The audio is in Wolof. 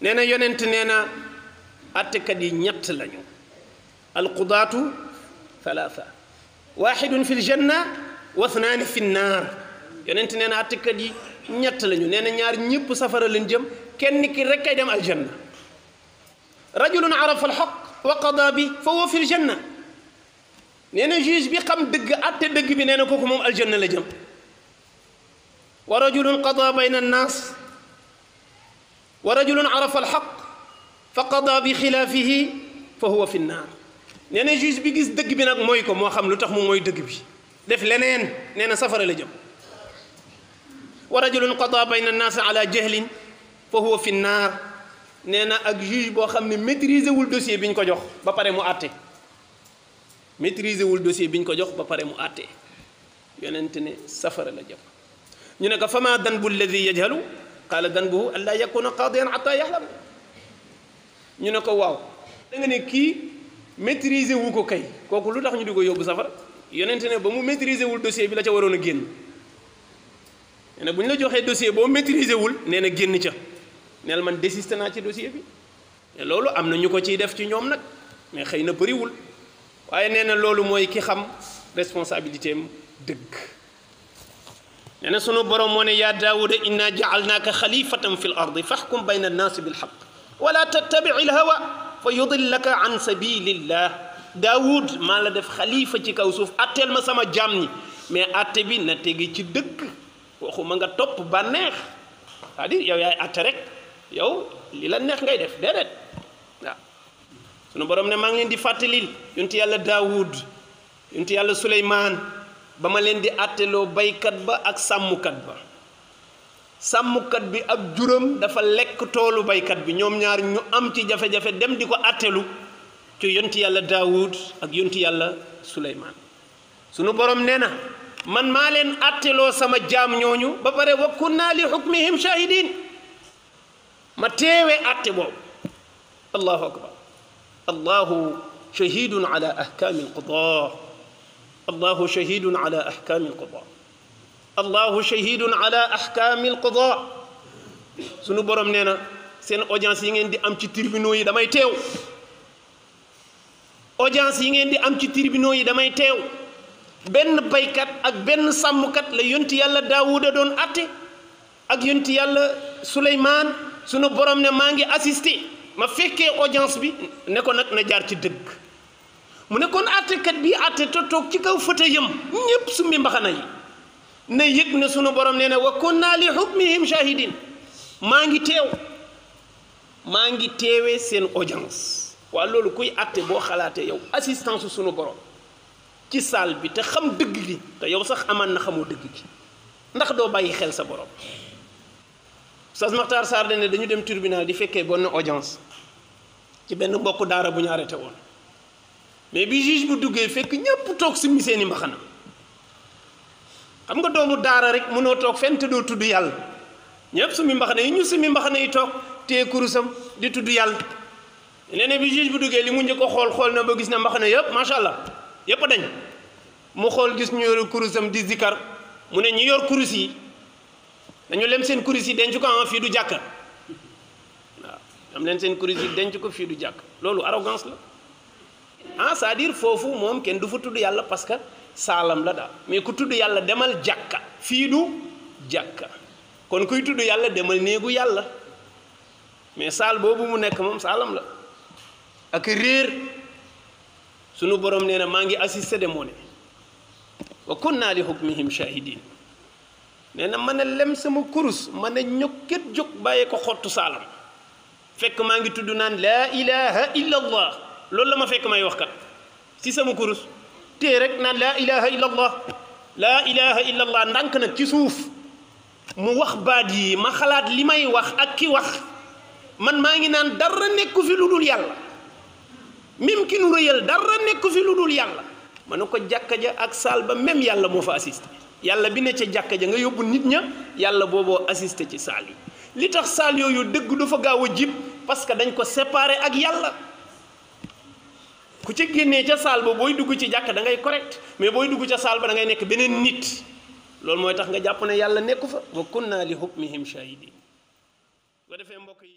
neena yonent neena atte kat yi ñett lañu واحد في الجنة واثنان في النار يونت نينا اتكدي نيات لا نيو نينا نيار نييب سفر لا نجم كين كي الجنة رجل عرف الحق وقضى به فهو في الجنة نينا جيج بي خم دغ ات دغ بي نينا كوكو موم الجنة لا ورجل قضى بين الناس ورجل عرف الحق فقضى بخلافه فهو في النار نانا جيس بي غيس دك بي نا موي كو مو خام لوتاخ بي ديف لنين نانا سفر لا جيم ورجل قضى بين الناس على جهل فهو في النار نانا أجيش جيج بو خام بين ميتريزي وول دوسي بي نكو جوخ با باري مو اتي ميتريزي وول دوسي بي نكو مو اتي يوننتني سفر لا جيم ني نك فما ذنب الذي يجهل قال ذنبه الا يكون قاضيا حتى يعلم ني نكو واو داغي ني كي ميتريزي ووكو كاي كوكو لوتاخ ني ديغو يوبو سفر يونتني بامو ميتريزي وول دوسيي بي لا تا ورونا ген انا بون لا جوخي دوسيي بو ميتريزي وول نينا ген تيا نيل مان ديسيستنا تي دوسيي بي لولو امنا ني كو تي ديف تي نيوم نك مي خاينا بري وول waye neena lolou moy ki xam responsabilité deug يعني سنو برومون يا داود إنا جعلناك خليفة في الأرض فاحكم بين الناس بالحق ولا تتبع الهوى فيضلك عن سبيل الله داود ما لدف خليفة كوسوف أتل ما سما جامني ما أتبي نتيجي تدك وخو مانغا توب بانيخ هذه يو يا أترك يو للا نيخ غاي دف دارت سنو برومون مانغين دي فاتلين يونتي يالا داود يونتي يالا سليمان ba ma leen di àtteloo baykat ba ak sàmmkat ba sàmmkat bi ak juram dafa lekk toolu baykat bi ñoom ñaar ñu am ci jafe-jafe dem di ko àttelu ci yonti yàlla daawud ak yonti yàlla suleymaan sunu borom nee na man maa leen àtteloo sama jaam ñooñu ba pare wa naa li xukmihim shahidin ma teewee àtte boobu allahu akbar allahu shahidun ala ahkaami alqudaa الله شهيد على أحكام القضاء الله شهيد على أحكام القضاء sunu borom nee na seen audience yi ngeen di am ci tribunaux yi damay teew audience yi ngeen di am ci tribunaux yi damay teew benn baykat ak benn sàmmkat la yonti yàlla daawuda doon atte ak yonti yàlla suleymaan sunu borom ne maa ngi assisté ma fekkee audience bi ne ko nag na jaar ci dëgg mu ne kon àttekat bi àtte te toog ci kaw fëtëyam ñépp summi mbaxana yi ne yëg na sunu borom nee na wa kunna li hukmihim shahidin maa ngi teew maa ngi teewee seen audience waa loolu kuy àtte boo xalaatee yow assistance suñu borom ci salle bi te xam dëgg gi te yow sax amaan na xamoo dëgg gi ndax doo bàyyi xel sa borom Sas Maxtaar Sarr ne dañu dem tribunal di fekkee bon bonne audience ci benn mbokku daara bu ñu arrêté woon mais bi juge bu duggé fekk tok ci misé ni mbaxana xam nga doomu daara rek mëno tok fenn te doo tudd yàlla ñëpp sumi mbaxana ñu sumi mbaxana yi tok té kurusam di tuddu yalla nene bi juge bu duggé li mu ñëk ko xol xool na ba gis na mbaxana ma sha allah yépp dañ mu xol gis ñu yor kurusam di zikar mu ne ñu yor kurus yi dañu lem seen kurus yi denc ko en ah, fi du jàkka am len seen kurus yi denc ko fi du jàkk lolu arrogance la ah saa diir foofu moom kenn du fa tudd yàlla parce que saalam la daal mais ku tudd yàlla demal jàkka fii du jàkka kon kuy tudd yàlla demal néegu yàlla mais saal boobu mu nekk moom saalam la ak réer sunu borom nee na maa ngi assisté de moo ne wa kunna li hukmihim na mën a lem sama kurus mën a ñokket jóg bàyyee ko xottu saalam fekk maa ngi tudd naan laa ilaha illa loolu la ma fekk may wax kat ci sama kurus téye rek naan laa ilaha illallah laa ilaha illallah ndànk nag ci suuf mu wax baat yi ma xalaat li may wax ak ki wax man maa ngi naan dara nekk fi lu dul yàlla même ki nu rëyal dara nekku fi lu dul yàlla ma ne ko jàkka ja ak saal ba même yàlla moo fa assisté yàlla bi ne ca jàkka ja nga yóbbu nit ña yàlla booboo assisté ci saal yi li tax saal yooyu dëgg du fa gaaw a jib parce que dañ ko séparé ak yàlla ku ca génnee ca saal ba booy dugg ci jàkk da ngay correct mais booy dugg ca saal ba da nekk beneen nit loolu mooy tax nga jàpp ne yàlla nekku fa wa kunna li hukmihim shahidin bu ko defee mbokk yi